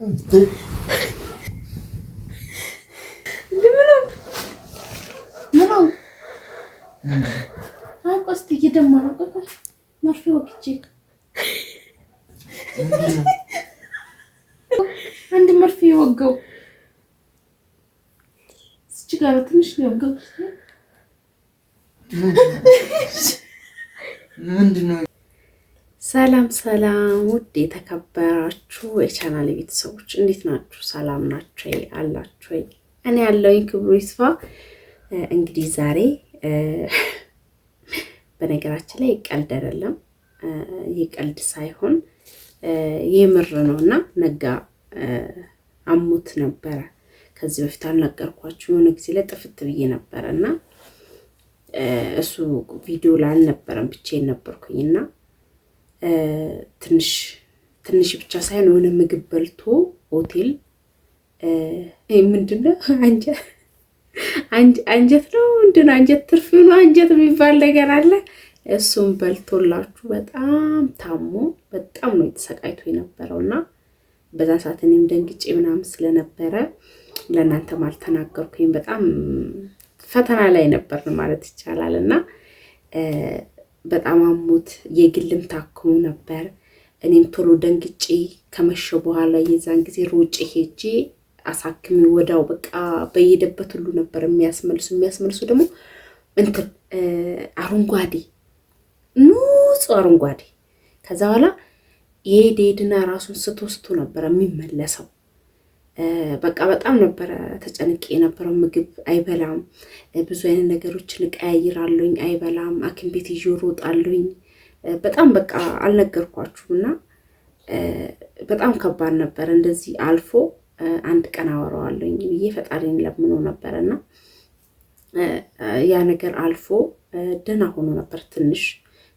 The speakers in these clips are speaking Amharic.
አንድ መርፌ የወጋው እስች ጋር ትንሽ የወጋው ምንድን ነው? ሰላም ሰላም ውድ የተከበራችሁ የቻናል ቤተሰቦች እንዴት ናችሁ? ሰላም ናችሁ አላችሁ? እኔ ያለውኝ ክብሩ ይስፋ። እንግዲህ ዛሬ በነገራችን ላይ ቀልድ አይደለም፣ የቀልድ ሳይሆን የምር ነው እና ነጋ አሞት ነበረ። ከዚህ በፊት አልነገርኳችሁ የሆነ ጊዜ ላይ ጥፍት ብዬ ነበረ እና እሱ ቪዲዮ ላይ አልነበረም ብቻዬን ነበርኩኝና ትንሽ ትንሽ ብቻ ሳይሆን የሆነ ምግብ በልቶ ሆቴል ምንድነው አንጀት ነው ምንድነው አንጀት ትርፍ ነው አንጀት የሚባል ነገር አለ። እሱም በልቶላችሁ በጣም ታሞ በጣም ነው የተሰቃይቶ የነበረው እና በዛ ሰዓት እኔም ደንግጬ ምናምን ስለነበረ ለእናንተም አልተናገርኩኝም። በጣም ፈተና ላይ ነበር ማለት ይቻላል እና በጣም አሞት የግልም ታክሙ ነበር። እኔም ቶሎ ደንግጬ ከመሸ በኋላ የዛን ጊዜ ሮጬ ሄጄ አሳክሚ ወዳው በቃ በየሄደበት ሁሉ ነበር የሚያስመልሱ የሚያስመልሱ ደግሞ እንትን አረንጓዴ ንጹህ አረንጓዴ ከዛ በኋላ የሄድ ሄድና ራሱን ስቶ ስቶ ነበር የሚመለሰው። በቃ በጣም ነበረ ተጨንቄ የነበረው። ምግብ አይበላም፣ ብዙ አይነት ነገሮችን እቀያይራለሁኝ፣ አይበላም፣ ሐኪም ቤት ይዤው እሮጣለሁኝ። በጣም በቃ አልነገርኳችሁም እና በጣም ከባድ ነበረ። እንደዚህ አልፎ አንድ ቀን አወራዋለሁኝ ብዬ ፈጣሪን ለምኖ ነበረ እና ያ ነገር አልፎ ደህና ሆኖ ነበር ትንሽ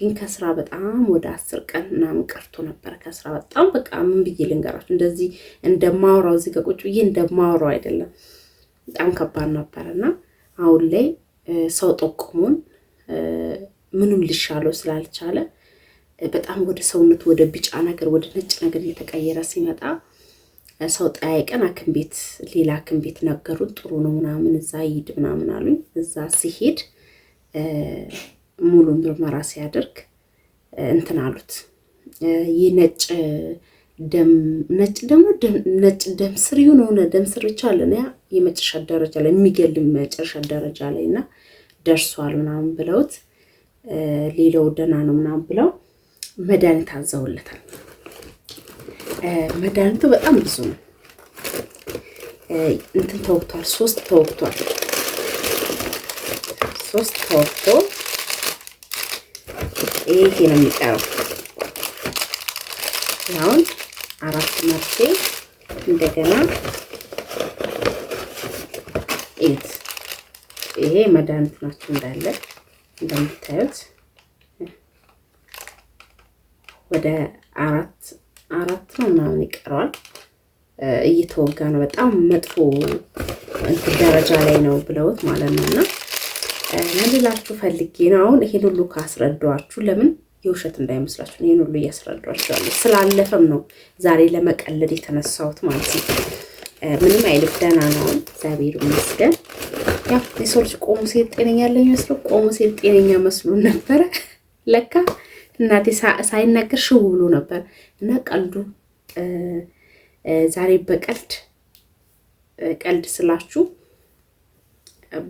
ግን ከስራ በጣም ወደ አስር ቀን ምናምን ቀርቶ ነበረ። ከስራ በጣም በቃ ምን ብዬ ልንገራችሁ፣ እንደዚህ እንደማወራው እዚህ ከቁጭ ብዬ እንደማወራው አይደለም። በጣም ከባድ ነበረ እና አሁን ላይ ሰው ጠቁሙን ምንም ልሻለው ስላልቻለ በጣም ወደ ሰውነቱ ወደ ቢጫ ነገር ወደ ነጭ ነገር እየተቀየረ ሲመጣ ሰው ጠያይቀን ሐኪም ቤት ሌላ ሐኪም ቤት ነገሩን ጥሩ ነው ምናምን እዛ ሂድ ምናምን አሉኝ። እዛ ሲሄድ ሙሉ ምርመራ ሲያደርግ እንትን አሉት። ይህ ነጭ ደም ነጭ ደግሞ ነጭ ደም ስር ይሁን ሆነ ደም ስር ብቻ አለ ያ የመጨረሻ ደረጃ ላይ የሚገል መጨረሻ ደረጃ ላይ እና ደርሷል ምናምን ብለውት ሌላው ደህና ነው ምናምን ብለው መድኃኒት አዘውለታል። መድኃኒቱ በጣም ብዙ ነው። እንትን ተወቅቷል፣ ሶስት ተወቅቷል፣ ሶስት ተወቅቶ ይሄ ነው የሚቀረው። አሁን አራት መርፌ እንደገና ኢት ይሄ መድኃኒት ናቸው እንዳለ እንደምታዩት ወደ አራት አራት ነው ምናምን ይቀረዋል። እየተወጋ ነው። በጣም መጥፎ ደረጃ ላይ ነው ብለውት ማለት ነው እና። ምን ፈልጌ ነው? አሁን ይሄን ሁሉ ካስረዳኋችሁ ለምን የውሸት እንዳይመስላችሁ ይሄን ሁሉ እያስረዳችኋለሁ። ስላለፈም ነው ዛሬ ለመቀለድ የተነሳሁት ማለት ነው። ምንም አይልም፣ ደህና ነው፣ እግዚአብሔር ይመስገን። ያው የሰው ልጅ ቆሙ ሴት ጤነኛ ያለ ይመስለው ቆሙ ሴት ጤነኛ መስሎ ነበረ። ለካ እናቴ ሳይነገር ሽው ብሎ ነበር። እና ቀልዱ ዛሬ በቀልድ ቀልድ ስላችሁ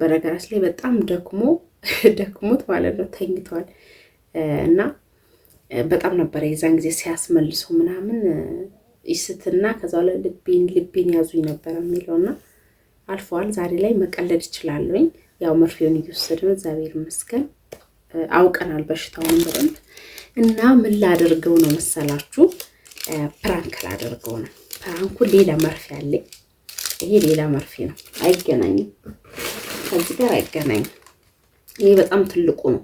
በነገራችን ላይ በጣም ደክሞ ደክሞት ማለት ነው ተኝቷል። እና በጣም ነበረ የዛን ጊዜ ሲያስመልሱ ምናምን ይስትና ከዛ ላይ ልቤን ልቤን ያዙኝ ነበረ የሚለውና አልፈዋል። ዛሬ ላይ መቀለድ ይችላለኝ። ያው መርፌውን እየወሰድ ነው እግዚአብሔር ይመስገን አውቀናል በሽታውን በደንብ እና ምን ላደርገው ነው መሰላችሁ? ፕራንክ ላደርገው ነው። ፕራንኩ ሌላ መርፌ አለኝ። ይሄ ሌላ መርፌ ነው፣ አይገናኝም። ከዚህ ጋር አይገናኝ። ይሄ በጣም ትልቁ ነው።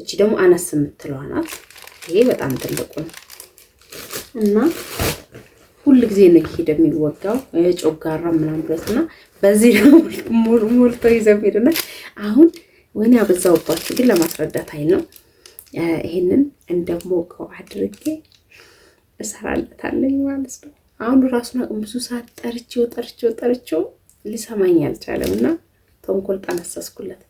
እቺ ደግሞ አነስ የምትለዋ ናት። ይሄ በጣም ትልቁ ነው እና ሁል ጊዜ ነው ሄደ የሚወጋው ጮጋራ ምናምን ድረስ እና በዚህ ደግሞ ሞልቶ ይዘው ሄዱና አሁን ወይኔ አበዛውባችሁ፣ ግን ለማስረዳት አይል ነው። ይሄንን እንደሞቀው አድርጌ እሰራለታለኝ ማለት ነው። አሁን ራሱን አቅም ብዙ ሰዓት ጠርቼው ጠርቼው ጠርቼው ሊሰማኝ አልቻለም እና ተንኮል ጠነሰስኩለት።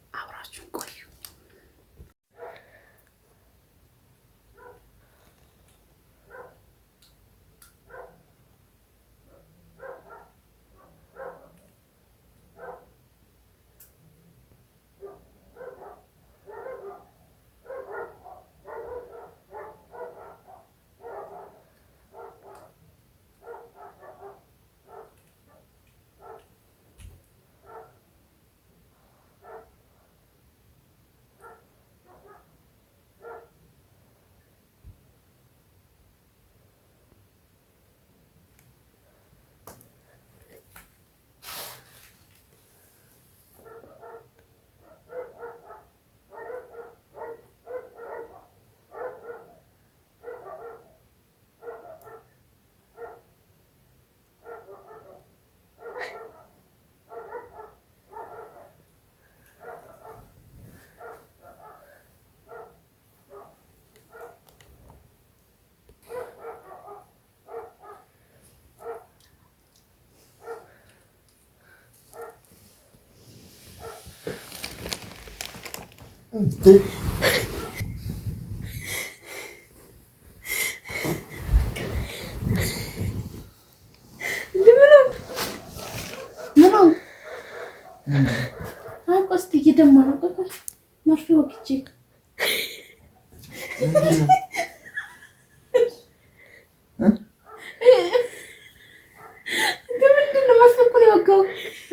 ወጋው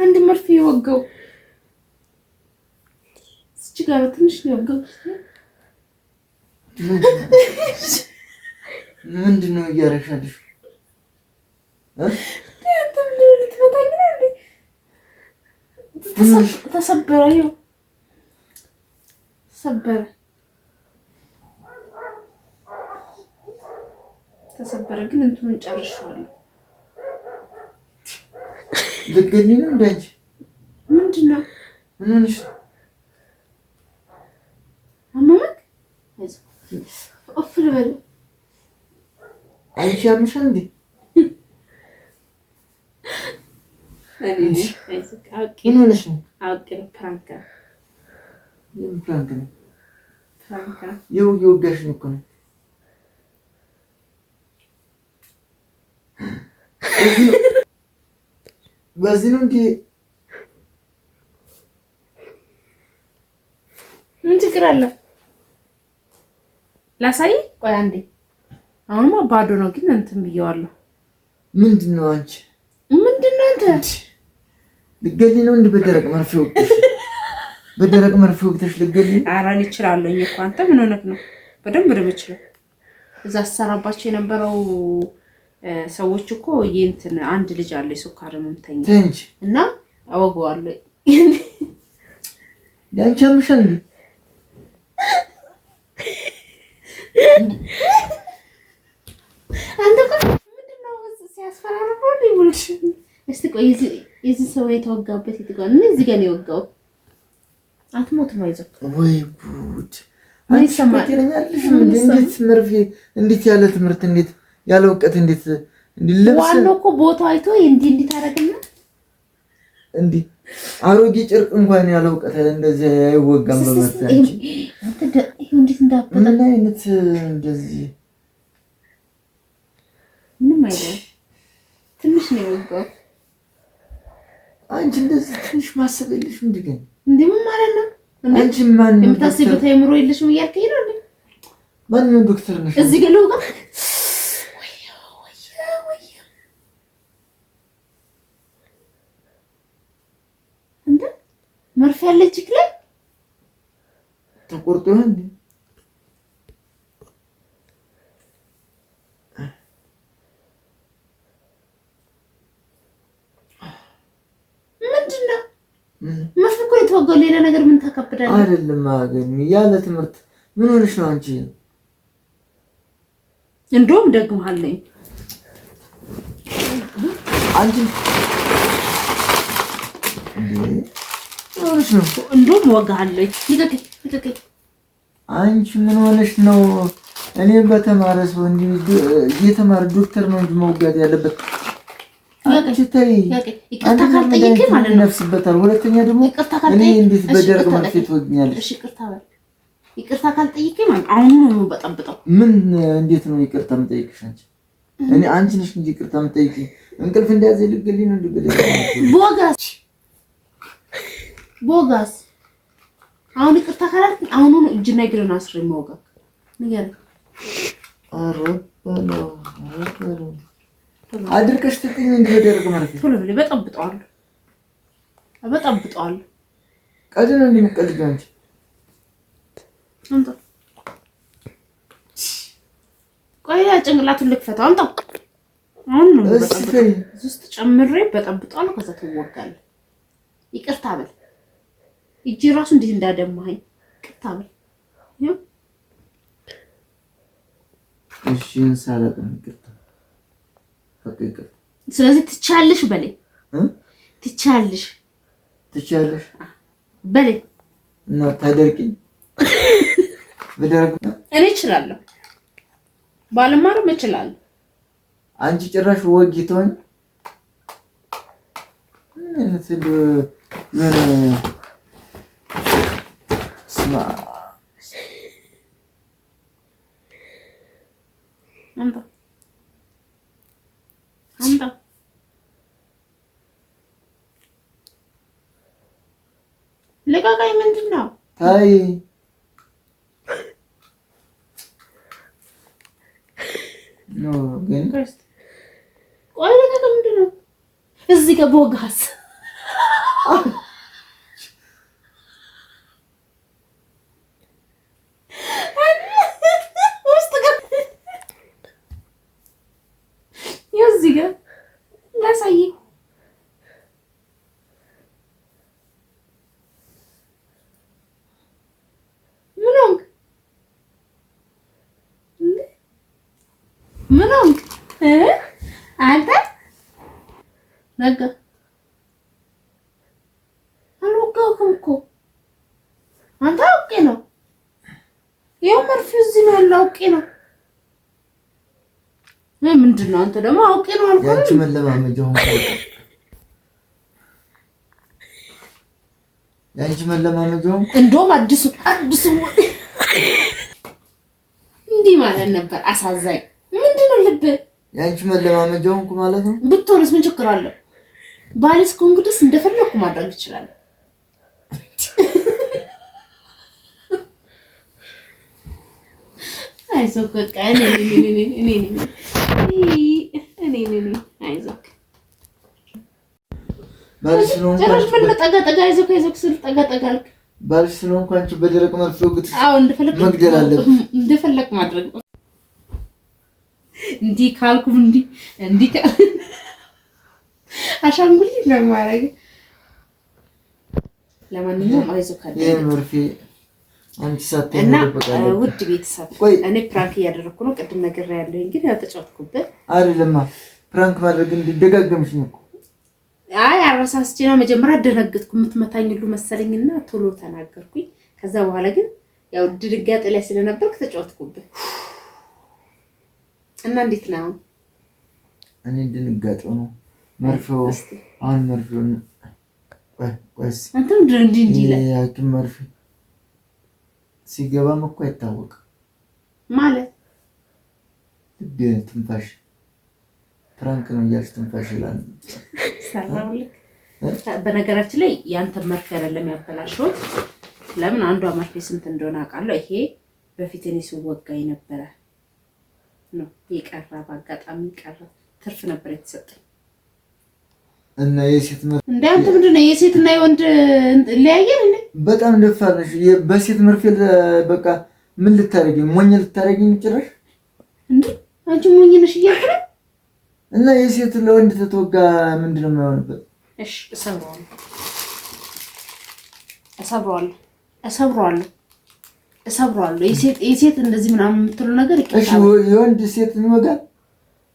አንድ መርፌ የወጋው ትንሽ ምንድን ነው እያደረግሻለሽ? ተሰበረ ተሰበረ ተሰበረ። ግን እንትኑን ጨርሻለሁ። ልገኝ ነው እንዳንቺ ምንድን ነው ምን ሆነሽ ነው? Aferin. Ayşe yapmışsın bir. Neyse. Yine nesin? Algın pranka. Yine pranka. Pranka. Yo yo geçin konu. Vazinun ki ምን ችግር አለ? ላሳይ። ቆይ አንዴ። አሁንማ ባዶ ነው፣ ግን እንትን ብየዋለሁ። ምንድን ነው አንቺ? ምንድን ነው አንተ? ልገሊ ነው እንዲህ በደረቅ መርፌ ወቅተሽ፣ በደረቅ መርፌ ወቅተሽ ልገሊ? ኧረ እኔ እችላለሁ እኮ። አንተ ምን ሆነህ ነው? በደንብ ነው የምችለው። እዛ አሰራባቸው የነበረው ሰዎች እኮ ይንትን አንድ ልጅ አለ የሱካር ህመምተኛ እና አወገዋለሁ። ያንቺ አምሻል እስቲ ቆይ የዚህ ሰው የተወጋበት የትጋ ነው? እዚህ ጋር ነው የወጋው። አትሞትም፣ አይዞህ። ወይ ጉድ! እንዴት መርፌ፣ እንዴት ያለ ትምህርት፣ እንዴት ያለ እውቀት፣ እንዴት ዋናው እኮ ቦታ አይቶ እንዲህ እንዲህ ታደርግና እንዲህ አሮጌ ጨርቅ እንኳን ያለ እውቀት እንደዚህ አይወጋም። በመርፌ አንቺ ምን አይነት እንደዚህ ምንም አይደለም። ትንሽ ነው የወጋው። አንቺ እንደዚህ ትንሽ ማሰብ የለሽም እንዴ? ግን እንዴ ምን ማለት ነው? አንቺ ማን ነው አይምሮ የለሽም እያልከኝ ነው እንዴ? ማን ነው ዶክተር ነሽ? እዚህ ገለው ጋር መርፌ ያለች እጅክ ላይ ተቆርጦ ይሆን ተወገው ሌላ ነገር ምን ተከብዳለህ? አይደለም አገኝ ያለ ትምህርት ምን ሆነሽ ነው አንቺ? እንደውም ደግመሃለኝ አንቺ እንደውም ወጋሃለኝ። አንቺ ምን ሆነሽ ነው? እኔም በተማረ ሰው እንዲህ እየተማረ ዶክተር ነው እንጂ መውጋት ያለበት ሲታይ ይቅርታ ካልጠየቀኝ ማለት ነው ነፍስበታል። ሁለተኛ ደግሞ እኔ እንዴት በደረቅ መርፌ ትወግኛለሽ? ይቅርታ ካልጠየቀኝ ማለት አሁን ነው በጠብጠው። ምን እንዴት ነው ይቅርታ የምጠይቅሽ አንቺ? እኔ አንቺ ነሽ እንጂ ይቅርታ የምጠይቅኝ። እንቅልፍ እንደያዘ ልግል ነው ልግል ቦጋስ ቦጋስ። አሁን ይቅርታ ካላልኩኝ አሁኑ ነው እጅና እግርን አስሬ የማወጋው ነገር አረባ ነው አድርቀሽ ትጥኝ እንዲደረግ ማለት ነው። ቶሎ ብለህ በጣም ብጠዋለሁ፣ ቀድን እንደምትቀልጂው አንቺ አምጣ። ቆይ ጭንቅላቱን ልክፈተው። አምጣ አሁን ነው ውስጥ ጨምሬ በጣም ከዛ ትወጋለህ። ይቅርታ በል። እጅ ራሱ እንዴት እንዳደማኸኝ ይቅርታ በል። እሺ እንሳላለን ስለዚህ ትቻለሽ በለኝ። ትቻለሽ ትቻለሽ በለኝ እና ታደርቂኝ ብደርግ እኔ እችላለሁ፣ ባልማርም እችላለሁ። አንቺ ጭራሽ ወጊ ትሆኝ ስል አነቃቃይ ምንድን ነው? አይ ኖ ግን ቆይ፣ ነው እዚህ ጋር በወግ ምንም አንተ ነገር አልወጋሁም እኮ አንተ አውቄ ነው። ይኸው መርፌው እዚህ ነው ያለው። አውቄ ነው። ምንድን ነው አንተ ደግሞ አውቄ ነው አልኩህ። መለማመጃው ያንቺ መለማመጃው እንደውም አዲሱ አዲሱ እንዲህ ማለት ነበር። አሳዛኝ ልብ ያንቺ መለማመጃ ሆንኩ ማለት ነው። ብትሆንስ ምን ችግር አለው? ባልስ እኮ እንደፈለኩ ማድረግ እችላለሁ። አይዞህ በቃ እኔ እኔ እኔ አይዞህ ባልሽ ስለሆንኩ ጠጋ ጠጋ ጠጋ ባልሽ ስለሆንኩ አንቺ በደረቅ መርፌ ወግተሽ መግደል እንደፈለግ ማድረግ እንዲህ ካልኩ እንዲህ እንዲህ አሻንጉሊት ነው ማረግ። ለማንኛውም አይዞህ እና ውድ ቤተሰብ እኔ ፕራንክ እያደረግኩ ነው። ቅድም ነገር ያለኝ ግን ያው ተጫወትኩበት አይደለማ። ፕራንክ ማድረግ እንዲደጋገምሽ ነው። አይ አረሳስቼ ነው። መጀመሪያ ደነገጥኩ፣ የምትመታኝ ሁሉ መሰለኝና ቶሎ ተናገርኩኝ። ከዛ በኋላ ግን ያው ድንጋጤ ላይ ስለነበርክ ተጫወትኩበት። እና እንዴት ነው? እኔ እንድንጋጥ ነው መርፌው። አሁን አንተም መርፌ ሲገባም እኮ አይታወቅም ማለት ትንፋሽ ፕራንክ ነው እያልሽ ትንፋሽ ይላል። በነገራችን ላይ ያንተን መርፌ አይደለም ለምን አንዷ መርፌ ስንት እንደሆነ አውቃለሁ። ይሄ በፊት እኔ ስወጋ ነበረ ነው የቀረ። በአጋጣሚ ቀረ ትርፍ ነበር የተሰጠኝ። እና የሴት መርፌ እንደ አንተ ምንድን ነው? የሴትና የወንድ ለያየን በጣም ደፋር ነሽ። በሴት መርፌ በቃ ምን ልታደርጊኝ? ሞኝ ልታደርጊኝ ጭራሽ እንዴ? አንቺ ሞኝ ነሽ እያልክ ነው። እና የሴት ለወንድ ተተወጋ ምንድን ነው የማይሆንበት? እሺ፣ እሰብረዋለሁ፣ እሰብረዋለሁ፣ እሰብረዋለሁ እሰብሯለሁ። የሴት እንደዚህ ምናምን የምትለው ነገር የወንድ ሴት ይወጋል።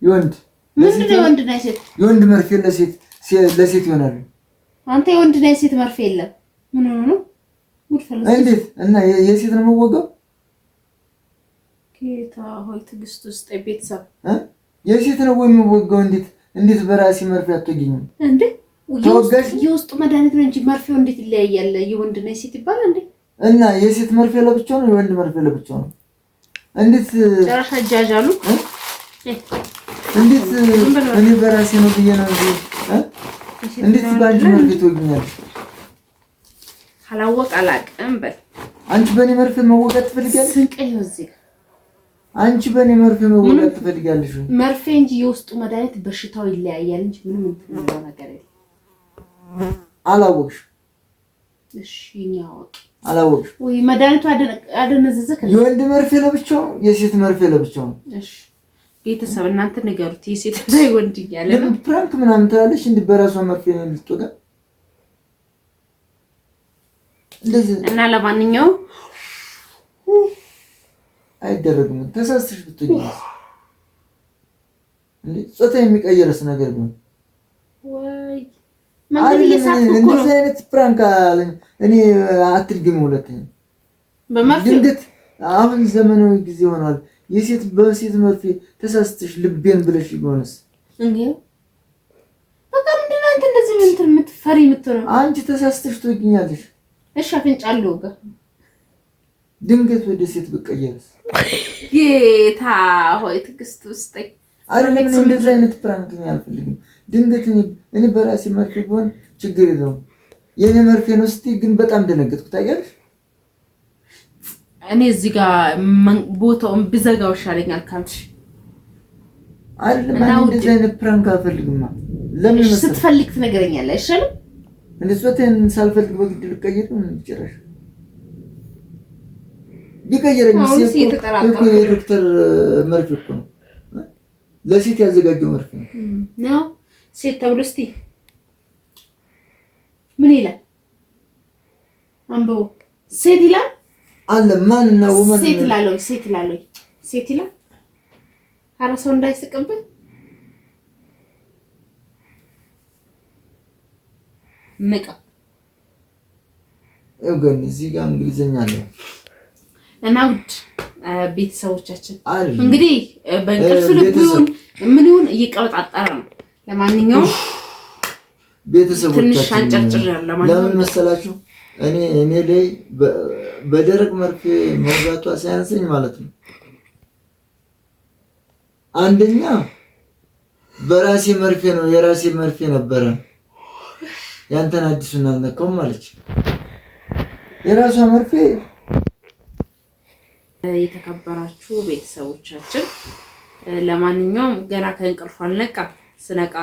የወንድ ነው? የወንድና የሴት የወንድ መርፌ ለሴት ይሆናሉ። አንተ የወንድና ሴት መርፌ የለም። ምን ሆኖ ነው? እንዴት እና የሴት ነው የምወጋው? ጌታ ሆይ ትዕግስት ውስጥ ቤተሰብ የሴት ነው ወይ የምወጋው? እንዴት እንዴት በራሴ መርፌ አትወጊኝም እንዴ? የውስጡ መድኃኒት ነው እንጂ መርፌው እንዴት ይለያያል? የወንድና የሴት ይባላል እንዴ? እና የሴት መርፌ ለብቻው ነው፣ የወንድ መርፌ ለብቻው ነው። እንዴት ጨረሻ እጃጃሉ? እንዴት እኔ በራሴ ነው ብዬ ነው እንጂ እንዴት ባንቺ መርፌ ትወጊኛለሽ? አላወቅ አላቅም በል አንቺ በእኔ መርፌ መወጋት ትፈልጊያለሽ? ስንቀይው እዚህ አንቺ በእኔ መርፌ መወጋት ትፈልጊያለሽ? መርፌ እንጂ የውስጡ መድኃኒት በሽታው ይለያያል እንጂ ምንም እንትን ነገር የለም። አላወቅሽም? እሺ እኛ አወቅ አላወቅሽ ወይ? መድኃኒቱ አደነዘዘክ። የወንድ መርፌ ለብቻው፣ የሴት መርፌ ለብቻው። እሺ ቤተሰብ እናንተ ንገሩት። የሴት ላይ ወንድ እያለ ነው። ፕራንክ ምናምን ትላለች። እንዲህ በራሷ መርፌ ነው ልትወጣ እና ለማንኛውም አይደረግም። ተሳስተሽ ብትሆኝ ጾታ የሚቀየርስ ነገር ቢሆን እንደዚህ አይነት ፕራንክ እኔ አትድግም። ሁለተኛ ድንገት አሁን ዘመናዊ ጊዜ ሆኗል። የሴት በሴት መርፌ ተሳስተሽ ልቤን ብለሽ ይሆንስ እንዴ? በቃ ምንድን አንቺ ተሳስተሽ ትወጊኛለሽ። እሺ አፍንጫለሁ ድንገት ወደ ሴት ብቀየርስ? ጌታ ሆይ ትዕግስት ውስጠኝ። አረ እንደዚህ አይነት ፕራንክ አልፈልግም። ድንገት እኔ በራሴ መርፌ ቢሆን ችግር የለውም። የእኔ መርፌ ነው ስትይ ግን በጣም ደነገጥኩ። ታያለሽ፣ እኔ እዚህ ጋር ቦታውን ብዘጋው ይሻለኛል ካልሽ እና እንደዚህ አይነት ፕራንክ አልፈልግማ። ለምን ስትፈልግ ትነግረኛለህ አይሻልም? እንደሷትን ሳልፈልግ በግድ ልቀይር ጭራሽ ሊቀየረኝ የዶክተር መርፌ እኮ ነው ለሴት ያዘጋጀው መርፌ ነው። ሴት ተብሎ እስቲ ምን ይላል አንብቦ ሴት ይላል አለ ማን ነው ወመን ሴት ይላል ሴት ይላል ሴት ይላል ኧረ ሰው እንዳይስቅብን ምቃ እገን እዚህ ጋር እንግሊዝኛ አለ እና ውድ ቤተሰቦቻችን እንግዲህ በእንቅልፍ ልብ ምን ይሁን እየቀበጣጠረ ነው ለማንኛውም ቤተሰቦቻችን ለምን መሰላችሁ እኔ እኔ ላይ በደረቅ መርፌ መውጋቷ ሳያንሰኝ ማለት ነው። አንደኛ በራሴ መርፌ ነው የራሴ መርፌ ነበረ። ያንተን አዲሱን አልነካውም አለች። የራሷ መርፌ የተከበራችሁ ቤተሰቦቻችን፣ ለማንኛውም ገና ከእንቅልፏ አልነቃም። ስነቃ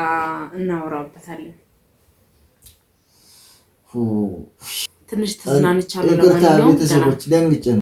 እናወራበታለን። ትንሽ ተዝናንቻለሁ። ለማንኛውም ቤተሰቦች ለምግጭ